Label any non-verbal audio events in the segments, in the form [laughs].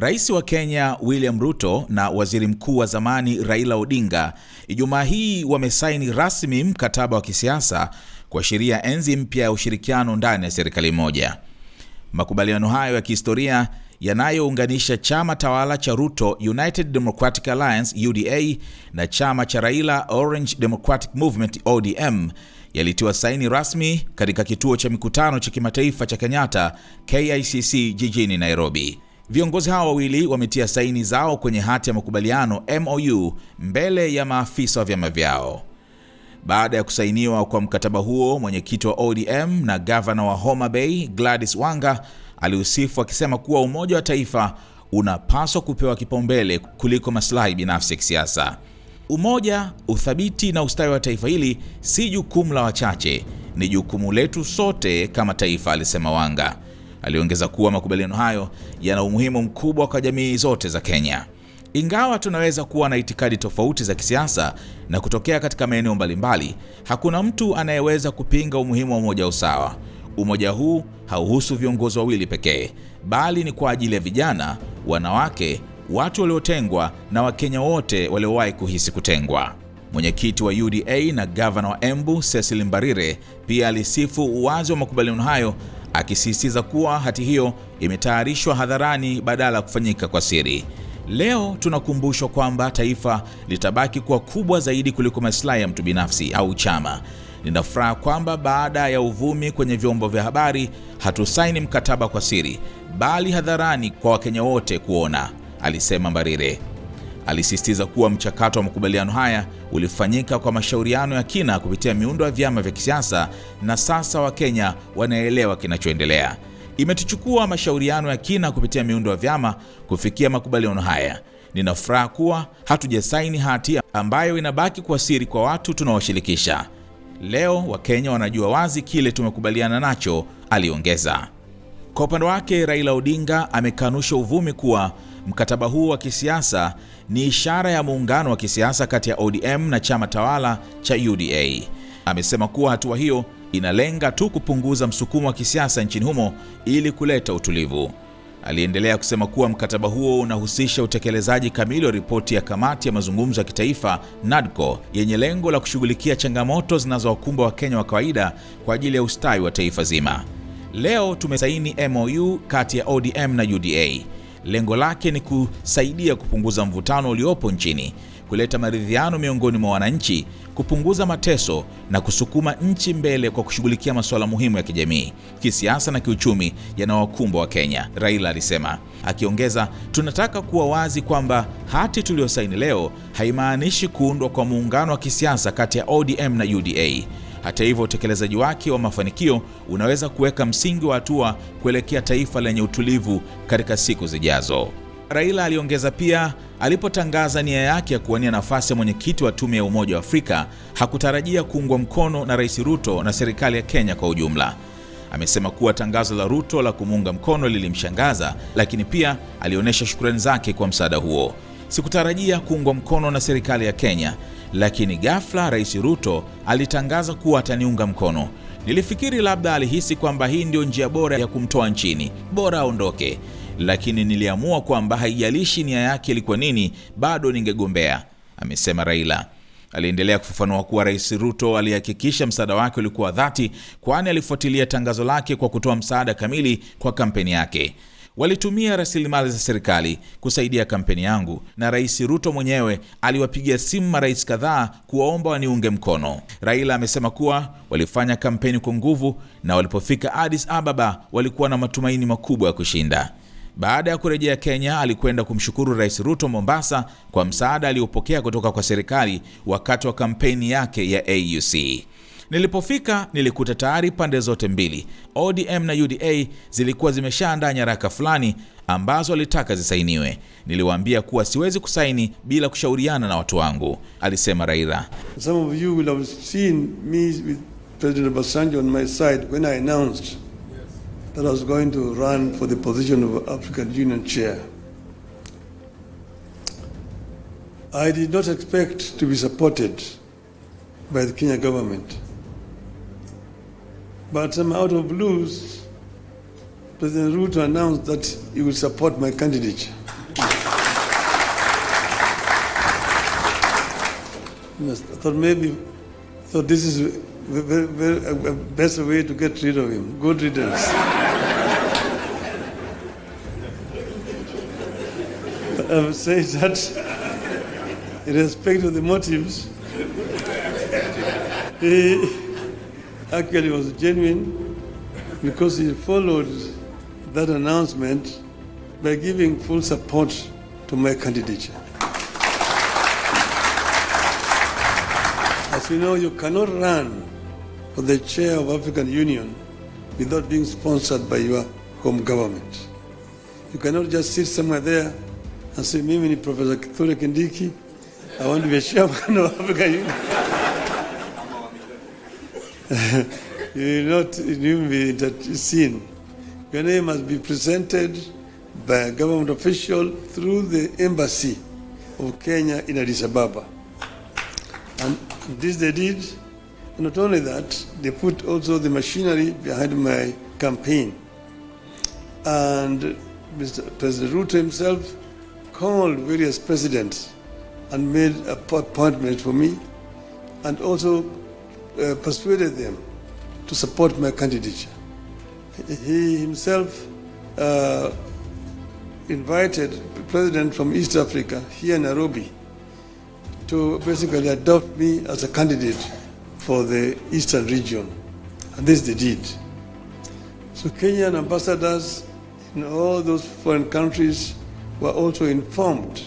Rais wa Kenya William Ruto na Waziri Mkuu wa zamani Raila Odinga Ijumaa hii wamesaini rasmi mkataba wa kisiasa kuashiria enzi mpya ya ushirikiano ndani ya serikali moja. Makubaliano hayo ya kihistoria yanayounganisha chama tawala cha Ruto United Democratic Alliance UDA na chama cha Raila Orange Democratic Movement ODM yalitiwa saini rasmi katika kituo cha mikutano cha kimataifa cha Kenyatta KICC jijini Nairobi. Viongozi hao wawili wametia saini zao kwenye hati ya makubaliano MOU mbele ya maafisa wa vyama vyao. Baada ya kusainiwa kwa mkataba huo, mwenyekiti wa ODM na gavana wa Homa Bay Gladys Wanga aliusifu akisema kuwa umoja wa taifa unapaswa kupewa kipaumbele kuliko maslahi binafsi ya kisiasa. Umoja, uthabiti na ustawi wa taifa hili si jukumu la wachache, ni jukumu letu sote kama taifa, alisema Wanga. Aliongeza kuwa makubaliano hayo yana umuhimu mkubwa kwa jamii zote za Kenya. Ingawa tunaweza kuwa na itikadi tofauti za kisiasa na kutokea katika maeneo mbalimbali, hakuna mtu anayeweza kupinga umuhimu wa umoja usawa. Umoja huu hauhusu viongozi wawili pekee, bali ni kwa ajili ya vijana, wanawake, watu waliotengwa na Wakenya wote waliowahi kuhisi kutengwa. Mwenyekiti wa UDA na gavana wa Embu Cecil Mbarire pia alisifu uwazi wa makubaliano hayo akisisitiza kuwa hati hiyo imetayarishwa hadharani badala ya kufanyika kwa siri. Leo tunakumbushwa kwamba taifa litabaki kuwa kubwa zaidi kuliko maslahi ya mtu binafsi au chama. Nina furaha kwamba baada ya uvumi kwenye vyombo vya habari, hatusaini mkataba kwa siri, bali hadharani kwa Wakenya wote kuona, alisema Mbarire alisisitiza kuwa mchakato wa makubaliano haya ulifanyika kwa mashauriano ya kina kupitia miundo ya vyama vya kisiasa na sasa Wakenya wanaelewa kinachoendelea. Imetuchukua mashauriano ya kina kupitia miundo ya vyama kufikia makubaliano haya. Nina furaha kuwa hatujasaini hati ambayo inabaki kwa siri kwa watu tunaowashirikisha. Leo Wakenya wanajua wazi kile tumekubaliana nacho, aliongeza. Kwa upande wake, Raila Odinga amekanusha uvumi kuwa Mkataba huo wa kisiasa ni ishara ya muungano wa kisiasa kati ya ODM na chama tawala cha UDA. Amesema kuwa hatua hiyo inalenga tu kupunguza msukumo wa kisiasa nchini humo ili kuleta utulivu. Aliendelea kusema kuwa mkataba huo unahusisha utekelezaji kamili wa ripoti ya kamati ya mazungumzo ya kitaifa NADCO yenye lengo la kushughulikia changamoto zinazowakumba Wakenya wa kawaida kwa ajili ya ustawi wa taifa zima. Leo tumesaini MOU kati ya ODM na UDA Lengo lake ni kusaidia kupunguza mvutano uliopo nchini, kuleta maridhiano miongoni mwa wananchi, kupunguza mateso na kusukuma nchi mbele kwa kushughulikia masuala muhimu ya kijamii, kisiasa na kiuchumi yanayowakumba kenya Raila alisema, akiongeza, tunataka kuwa wazi kwamba hati tuliyosaini leo haimaanishi kuundwa kwa muungano wa kisiasa kati ya ODM na UDA hata hivyo, utekelezaji wake wa mafanikio unaweza kuweka msingi wa hatua kuelekea taifa lenye utulivu katika siku zijazo. Raila aliongeza pia, alipotangaza nia yake ya kuwania nafasi ya mwenyekiti wa tume ya Umoja wa Afrika, hakutarajia kuungwa mkono na Rais Ruto na serikali ya Kenya kwa ujumla. Amesema kuwa tangazo la Ruto la kumuunga mkono lilimshangaza, lakini pia alionyesha shukrani zake kwa msaada huo. Sikutarajia kuungwa mkono na serikali ya Kenya, lakini ghafla Rais Ruto alitangaza kuwa ataniunga mkono. Nilifikiri labda alihisi kwamba hii ndio njia bora ya kumtoa nchini, bora aondoke, lakini niliamua kwamba haijalishi nia yake ilikuwa nini, bado ningegombea, amesema Raila. Aliendelea kufafanua kuwa Rais Ruto alihakikisha msaada wake ulikuwa dhati, kwani alifuatilia tangazo lake kwa kutoa msaada kamili kwa kampeni yake walitumia rasilimali za serikali kusaidia kampeni yangu, na Rais Ruto mwenyewe aliwapigia simu marais kadhaa kuwaomba waniunge mkono. Raila amesema kuwa walifanya kampeni kwa nguvu na walipofika Addis Ababa walikuwa na matumaini makubwa ya kushinda. Baada ya kurejea Kenya, alikwenda kumshukuru Rais Ruto Mombasa kwa msaada aliopokea kutoka kwa serikali wakati wa kampeni yake ya AUC. Nilipofika nilikuta tayari pande zote mbili, ODM na UDA, zilikuwa zimeshaandaa nyaraka fulani ambazo alitaka zisainiwe. Niliwaambia kuwa siwezi kusaini bila kushauriana na watu wangu, alisema Raila. Some of you will have seen me with President Obasanjo on my side when I announced that I was going to run for the position of African Union chair. I did not expect to be supported by the Kenya government. But I'm out of blues. President Ruto announced that he will support my candidature. I thought maybe, so this is the best way to get rid of him. Good riddance. I would say that, in respect of the motives, he, actually was genuine because he followed that announcement by giving full support to my candidature. As you know, you cannot run for the chair of African Union without being sponsored by your home government. You cannot just sit somewhere there and say, Mimi Professor Kithure I want to be a chairman of African Union. [laughs] you will not even be seen. Your name must be presented by a government official through the embassy of Kenya in Addis Ababa. And this they did. not only that, they put also the machinery behind my campaign. And Mr. President Ruto himself called various presidents and made appointments for me and also uh, persuaded them to support my candidature. He himself uh, invited the president from East Africa here in Nairobi to basically adopt me as a candidate for the eastern region. And this they did. So Kenyan ambassadors in all those foreign countries were also informed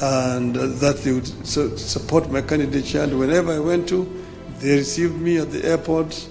and uh, that they would su- support my candidature. And whenever I went to, They received me at the airport,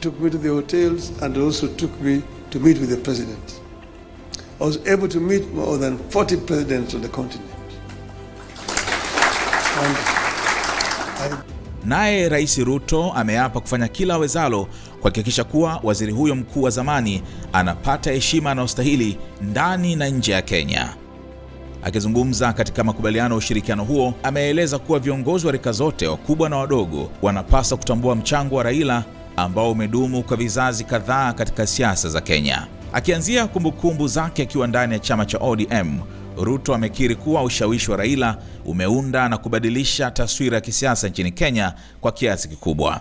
took me to the hotels, and also took me to meet with the president. I was able to meet more than 40 presidents on the continent. And I... Naye Rais Ruto ameapa kufanya kila awezalo kuhakikisha kuwa waziri huyo mkuu wa zamani anapata heshima anayostahili ndani na nje ya Kenya. Akizungumza katika makubaliano ya ushirikiano huo, ameeleza kuwa viongozi wa rika zote, wakubwa na wadogo, wanapaswa kutambua mchango wa Raila ambao umedumu kwa vizazi kadhaa katika siasa za Kenya. Akianzia kumbukumbu zake akiwa ndani ya chama cha ODM, Ruto amekiri kuwa ushawishi wa Raila umeunda na kubadilisha taswira ya kisiasa nchini Kenya kwa kiasi kikubwa.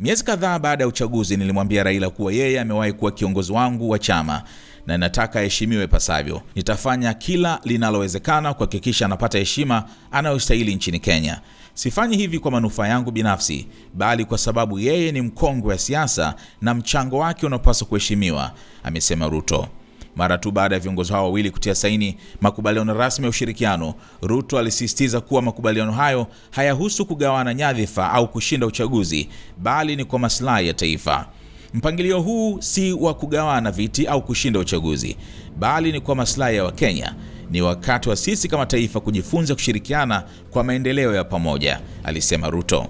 Miezi kadhaa baada ya uchaguzi, nilimwambia Raila kuwa yeye amewahi kuwa kiongozi wangu wa chama na nataka aheshimiwe pasavyo. Nitafanya kila linalowezekana kuhakikisha anapata heshima anayostahili nchini Kenya. Sifanyi hivi kwa manufaa yangu binafsi, bali kwa sababu yeye ni mkongwe wa siasa na mchango wake unapaswa kuheshimiwa, amesema Ruto. Mara tu baada ya viongozi hao wawili kutia saini makubaliano rasmi ya ushirikiano, Ruto alisisitiza kuwa makubaliano hayo hayahusu kugawana nyadhifa au kushinda uchaguzi, bali ni kwa maslahi ya taifa. Mpangilio huu si wa kugawana viti au kushinda uchaguzi, bali ni kwa maslahi ya Wakenya. Ni wakati wa sisi kama taifa kujifunza kushirikiana kwa maendeleo ya pamoja, alisema Ruto.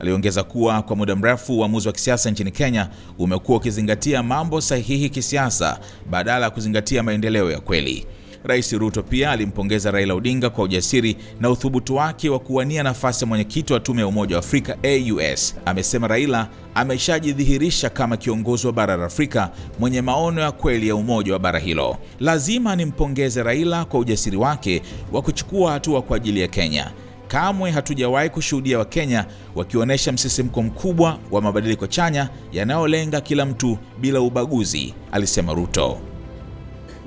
Aliongeza kuwa kwa muda mrefu uamuzi wa kisiasa nchini Kenya umekuwa ukizingatia mambo sahihi kisiasa badala ya kuzingatia maendeleo ya kweli. Rais Ruto pia alimpongeza Raila Odinga kwa ujasiri na uthubutu wake wa kuwania nafasi ya mwenyekiti wa tume ya Umoja wa Afrika AUS. Amesema Raila ameshajidhihirisha kama kiongozi wa bara la Afrika mwenye maono ya kweli ya umoja wa bara hilo. Lazima nimpongeze Raila kwa ujasiri wake wa kuchukua hatua kwa ajili ya Kenya. Kamwe hatujawahi kushuhudia Wakenya wakionyesha msisimko mkubwa wa mabadiliko chanya yanayolenga kila mtu bila ubaguzi, alisema Ruto.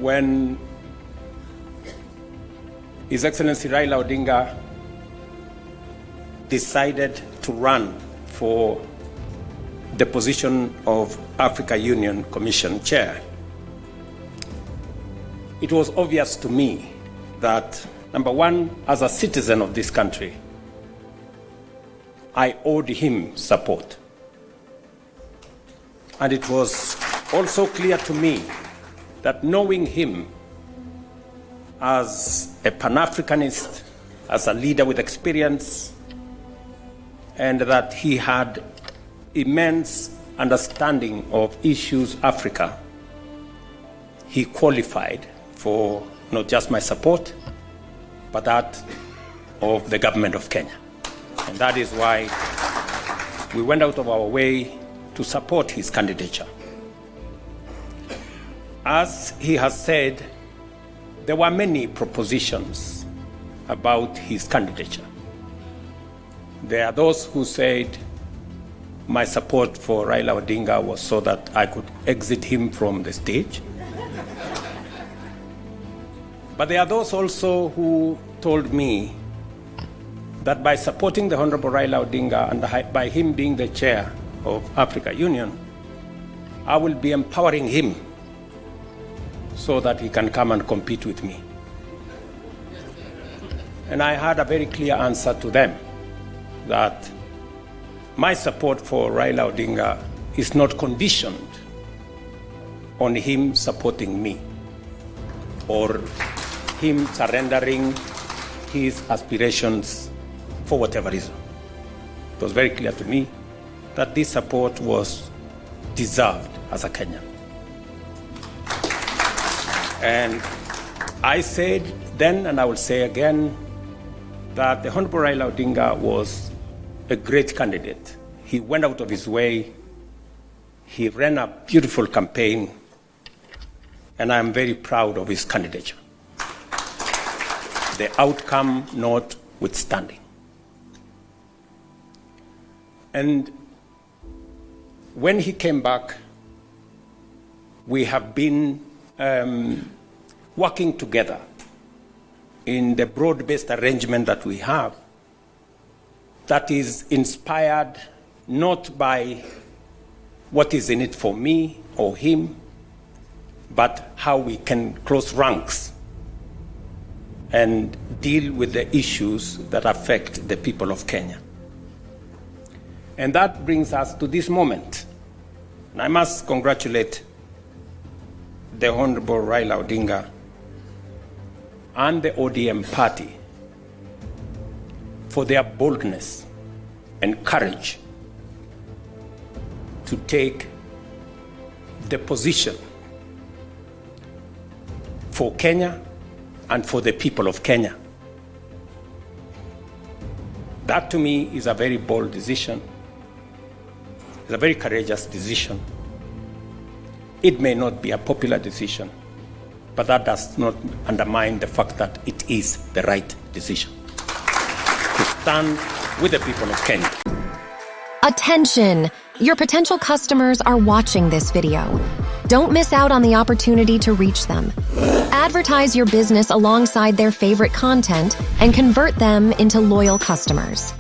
When His Excellency Raila Odinga decided to run for the position of Africa Union Commission Chair. It was obvious to me that, number one, as a citizen of this country, I owed him support. And it was also clear to me that knowing him as a Pan-Africanist, as a leader with experience, and that he had immense understanding of issues Africa. He qualified for not just my support, but that of the government of Kenya. And that is why we went out of our way to support his candidature. As he has said, There were many propositions about his candidature. There are those who said my support for Raila Odinga was so that I could exit him from the stage. but there are those also who told me that by supporting the Honorable Raila Odinga and by him being the chair of Africa Union, I will be empowering him so that he can come and compete with me. And I had a very clear answer to them that my support for Raila Odinga is not conditioned on him supporting me or him surrendering his aspirations for whatever reason. It was very clear to me that this support was deserved as a Kenyan. And I said then, and I will say again, that the Honorable Raila Odinga was a great candidate. He went out of his way, he ran a beautiful campaign, and I am very proud of his candidature. The outcome notwithstanding. And when he came back, we have been um, working together in the broad based arrangement that we have that is inspired not by what is in it for me or him, but how we can close ranks and deal with the issues that affect the people of Kenya. And that brings us to this moment. And I must congratulate the Honorable Raila Odinga and the ODM party for their boldness and courage to take the position for Kenya and for the people of Kenya. That to me is a very bold decision. It's a very courageous decision. It may not be a popular decision, but that does not undermine the fact that it is the right decision to stand with the people of Kenya. Attention! Your potential customers are watching this video. Don't miss out on the opportunity to reach them. Advertise your business alongside their favorite content and convert them into loyal customers.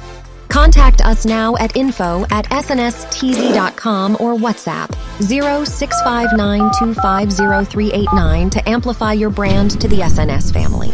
Contact us now at info at snstz.com or WhatsApp 0659250389 to amplify your brand to the SNS family.